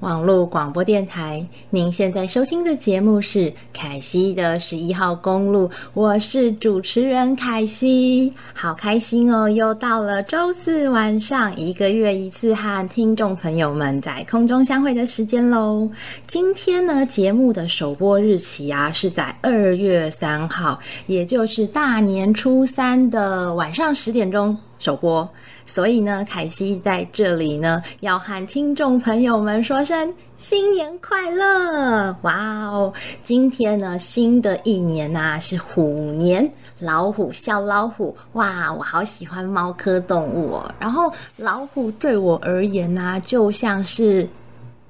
網絡廣播電台，您現在收聽的節目是凱西的十一號公路，我是主持人凱西。好開心哦！又到了週四晚上一個月一次和聽眾朋友們在空中相會的時間咯。今天呢，節目的首播日期啊是在二月三號，也就是大年初三的晚上十點鐘。首播。所以呢，凱西在這裡呢，要和聽眾朋友們說聲新年快樂！哇哦，今天呢，新的一年吶、啊、是虎年，老虎，小老虎，哇，我好喜歡貓科動物哦。然後老虎對我而言吶、啊，就像是。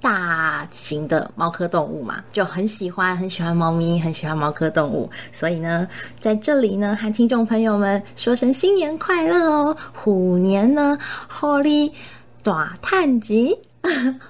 大型的貓科動物嘛，就很喜歡，很喜歡貓咪，很喜歡貓科動物。所以呢，在這裡呢，和聽眾朋友們說聲新年快樂哦！虎年呢，大探好利大嘆氣，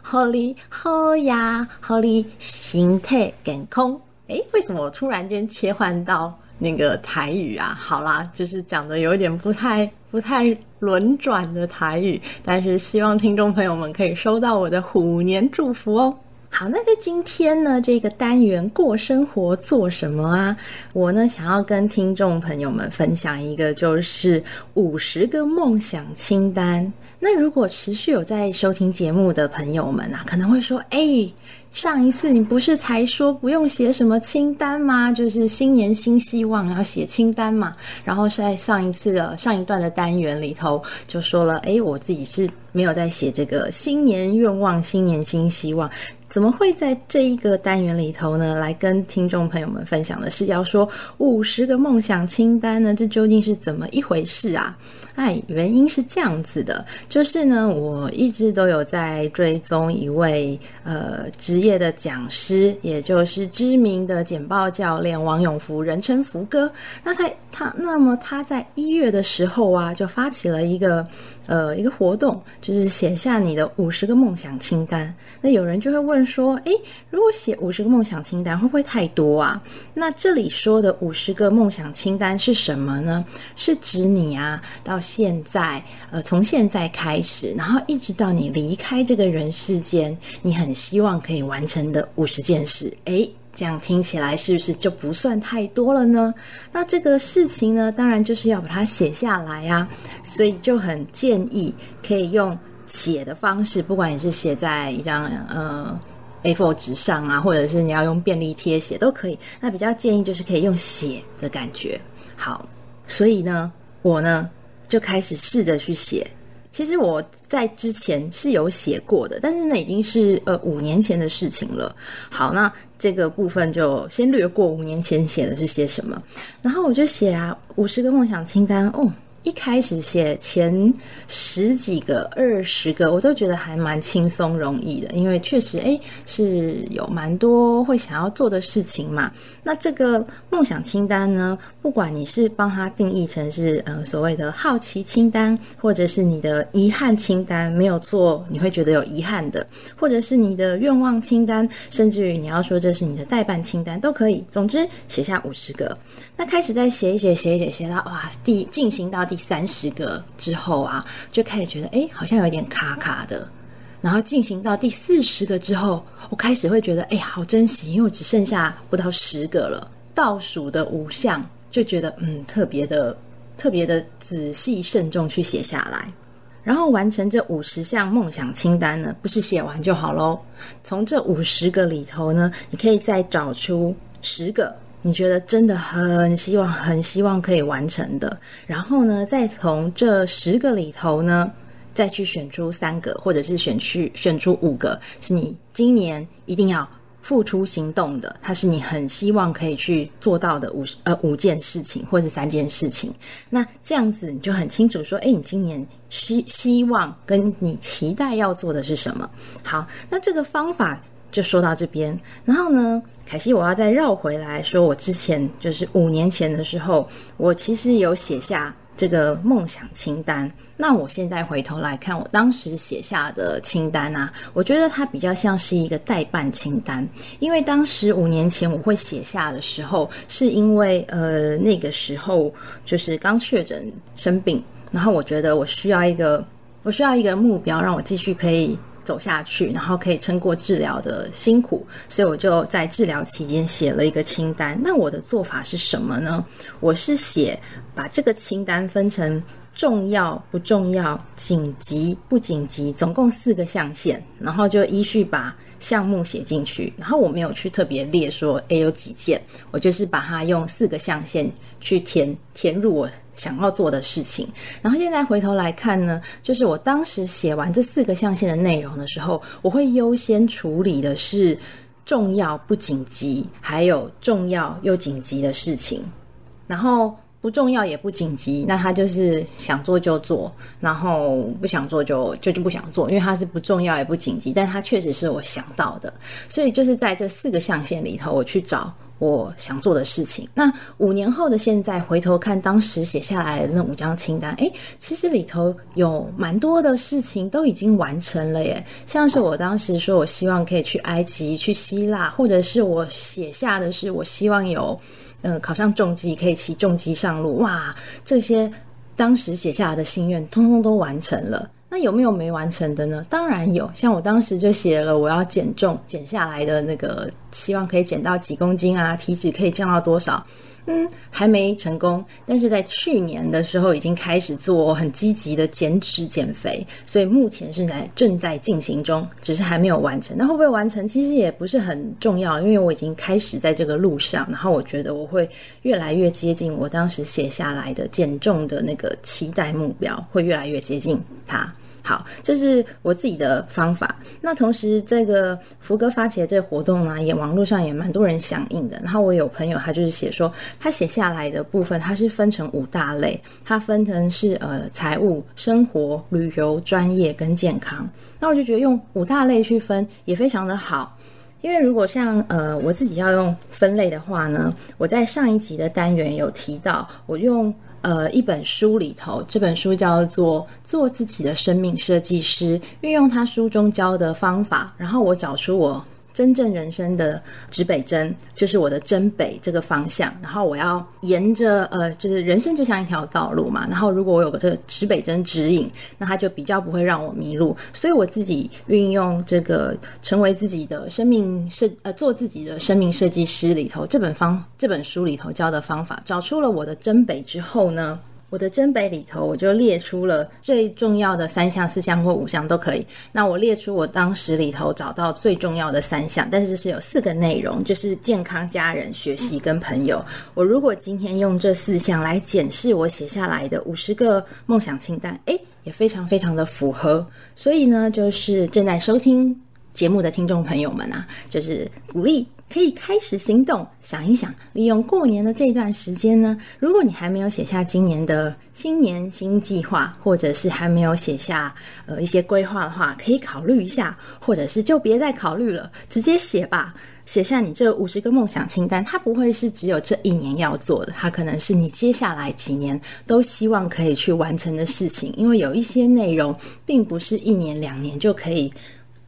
好利好呀，好利形態健康。哎，為什麼我突然間切換到？那個台語啊，好啦，就是講的有點不太不太輪轉的台語，但是希望聽眾朋友們可以收到我的虎年祝福哦。好，那在今天呢，這個單元過生活做什麼啊？我呢想要跟聽眾朋友們分享一個，就是五十個夢想清單。那如果持續有在收聽節目的朋友們啊，可能會說，哎、欸。上一次你不是才說不用寫什麼清單嗎？就是新年新希望，然後寫清單嘛。然後在上一次的上一段的單元裡頭就說了，誒，我自己是。沒有在寫這個新年願望、新年新希望，怎麼會在這一個單元裡頭呢？來跟聽眾朋友們分享的是要說五十個夢想清單呢，這究竟是怎麼一回事啊？哎，原因是這樣子的，就是呢，我一直都有在追蹤一位呃職業的講師，也就是知名的簡報教練王永福，人稱福哥。那他他那麼他在一月的時候啊，就發起了一個呃一個活動。就是寫下你的五十個夢想清單。那有人就會問說：“誒，如果寫五十個夢想清單，會不會太多啊？”那這裡說的五十個夢想清單是什麼呢？是指你啊，到現在，呃，從現在開始，然後一直到你離開這個人世間，你很希望可以完成的五十件事。誒……這樣聽起來是不是就不算太多了呢？那這個事情呢，當然就是要把它寫下來啊，所以就很建議可以用寫的方式，不管你是寫在一張呃 A4 紙上啊，或者是你要用便利貼寫都可以。那比較建議就是可以用寫的感覺。好，所以呢，我呢就開始試着去寫。其實我在之前是有寫過的，但是那已經是呃五年前的事情了。好，那這個部分就先略過。五年前寫的是些什麼？然後我就寫啊五十個夢想清單哦。一開始寫前十幾個、二十個，我都覺得還蠻輕鬆容易的，因為確實哎是有蠻多會想要做的事情嘛。那這個夢想清單呢，不管你是幫它定義成是呃所謂的好奇清單，或者是你的遺憾清單，沒有做你會覺得有遺憾的，或者是你的願望清單，甚至於你要說這是你的待辦清單都可以。總之寫下五十個，那開始再寫一寫，寫一寫，寫到哇第進行到第。第三十個之後啊，就開始覺得哎、欸，好像有一點卡卡的。然後進行到第四十個之後，我開始會覺得哎呀、欸，好珍惜，因為我只剩下不到十個了，倒數的五項就覺得嗯，特別的、特別的仔細、慎重去寫下來。然後完成這五十項夢想清單呢，不是寫完就好嘍。從這五十個裡頭呢，你可以再找出十個。你覺得真的很希望、很希望可以完成的，然後呢，再從這十個裡頭呢，再去選出三個，或者是選去選出五個，是你今年一定要付出行動的，它是你很希望可以去做到的五呃五件事情，或是三件事情。那這樣子你就很清楚說，誒，你今年希希望跟你期待要做的是什麼？好，那這個方法。就說到這邊，然後呢，凱西，我要再繞回來，說我之前就是五年前的時候，我其實有寫下這個夢想清單。那我現在回頭來看，我當時寫下的清單啊，我覺得它比較像是一個待辦清單，因為當時五年前我會寫下的時候，是因為呃那個時候就是剛確診生病，然後我覺得我需要一個我需要一個目標，讓我繼續可以。走下去，然後可以撐過治療的辛苦，所以我就在治療期間寫了一個清單。那我的做法是什麼呢？我是寫把這個清單分成。重要不重要？緊急不緊急？總共四個象限，然後就依序把項目寫進去。然後我沒有去特別列說，誒、欸、有幾件，我就是把它用四個象限去填，填入我想要做的事情。然後現在回頭來看呢，就是我當時寫完這四個象限的內容的時候，我會優先處理的是重要不緊急，還有重要又緊急的事情，然後。不重要也不緊急，那他就是想做就做，然後不想做就就就不想做，因為他是不重要也不緊急，但他確實是我想到的，所以就是在這四個象限裡頭，我去找我想做的事情，那五年後的現在回頭看，當時寫下來的那五張清單，誒，其實裡頭有蠻多的事情都已經完成了耶。像是我當時說我希望可以去埃及、去希臘，或者是我寫下的是我希望有，嗯、呃，考上重機可以騎重機上路，哇，這些當時寫下來的心願，通通都完成了。那有沒有沒完成的呢？當然有，像我當時就寫了我要減重，減下來的那個希望可以減到幾公斤啊，體脂可以降到多少，嗯，還沒成功。但是在去年的時候已經開始做我很積極的減脂減肥，所以目前是在正在進行中，只是還沒有完成。那會不會完成？其實也不是很重要，因為我已經開始在這個路上，然後我覺得我會越來越接近我當時寫下來的減重的那個期待目標，會越來越接近它。好，這是我自己的方法。那同時，這個福哥發起的這個活動呢，也網絡上也蠻多人響應的。然後我有朋友，他就是寫說，他寫下來的部分，它是分成五大類，它分成是呃財務、生活、旅遊、專業跟健康。那我就覺得用五大類去分也非常的好，因為如果像呃我自己要用分類的話呢，我在上一集的單元有提到，我用。呃，一本書裡頭，這本書叫做《做自己的生命設計師》，運用他書中教的方法，然後我找出我。真正人生的指北針就是我的真北這個方向，然後我要沿着呃，就是人生就像一條道路嘛，然後如果我有個這個指北針指引，那它就比較不會讓我迷路。所以我自己運用這個成為自己的生命設呃，做自己的生命設計師裡頭這本方這本書裡頭教的方法，找出了我的真北之後呢。我的真北裡頭，我就列出了最重要的三項、四項或五項都可以。那我列出我當時裡頭找到最重要的三項，但是是有四個內容，就是健康、家人、學習跟朋友。嗯、我如果今天用這四項來檢視我寫下來的五十個夢想清單，誒也非常非常的符合。所以呢，就是正在收聽節目的聽眾朋友們啊，就是鼓勵。可以開始行動，想一想，利用過年的這段時間呢。如果你還沒有寫下今年的新年新計劃，或者是還沒有寫下呃一些規劃的話，可以考慮一下，或者是就別再考慮了，直接寫吧。寫下你這五十個夢想清單，它不會是只有這一年要做的，它可能是你接下來幾年都希望可以去完成的事情。因為有一些內容，並不是一年兩年就可以。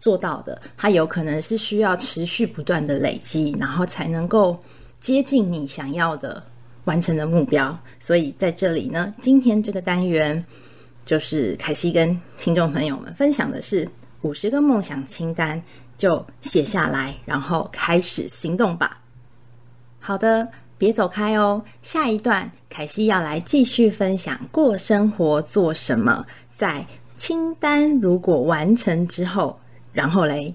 做到的，它有可能是需要持續不斷的累積，然後才能夠接近你想要的完成的目標。所以在這裡呢，今天這個單元就是凱西跟聽眾朋友們分享的是五十個夢想清單，就寫下來，然後開始行動吧。好的，別走開哦。下一段，凱西要來繼續分享過生活做什麼，在清單如果完成之後。然後嘞。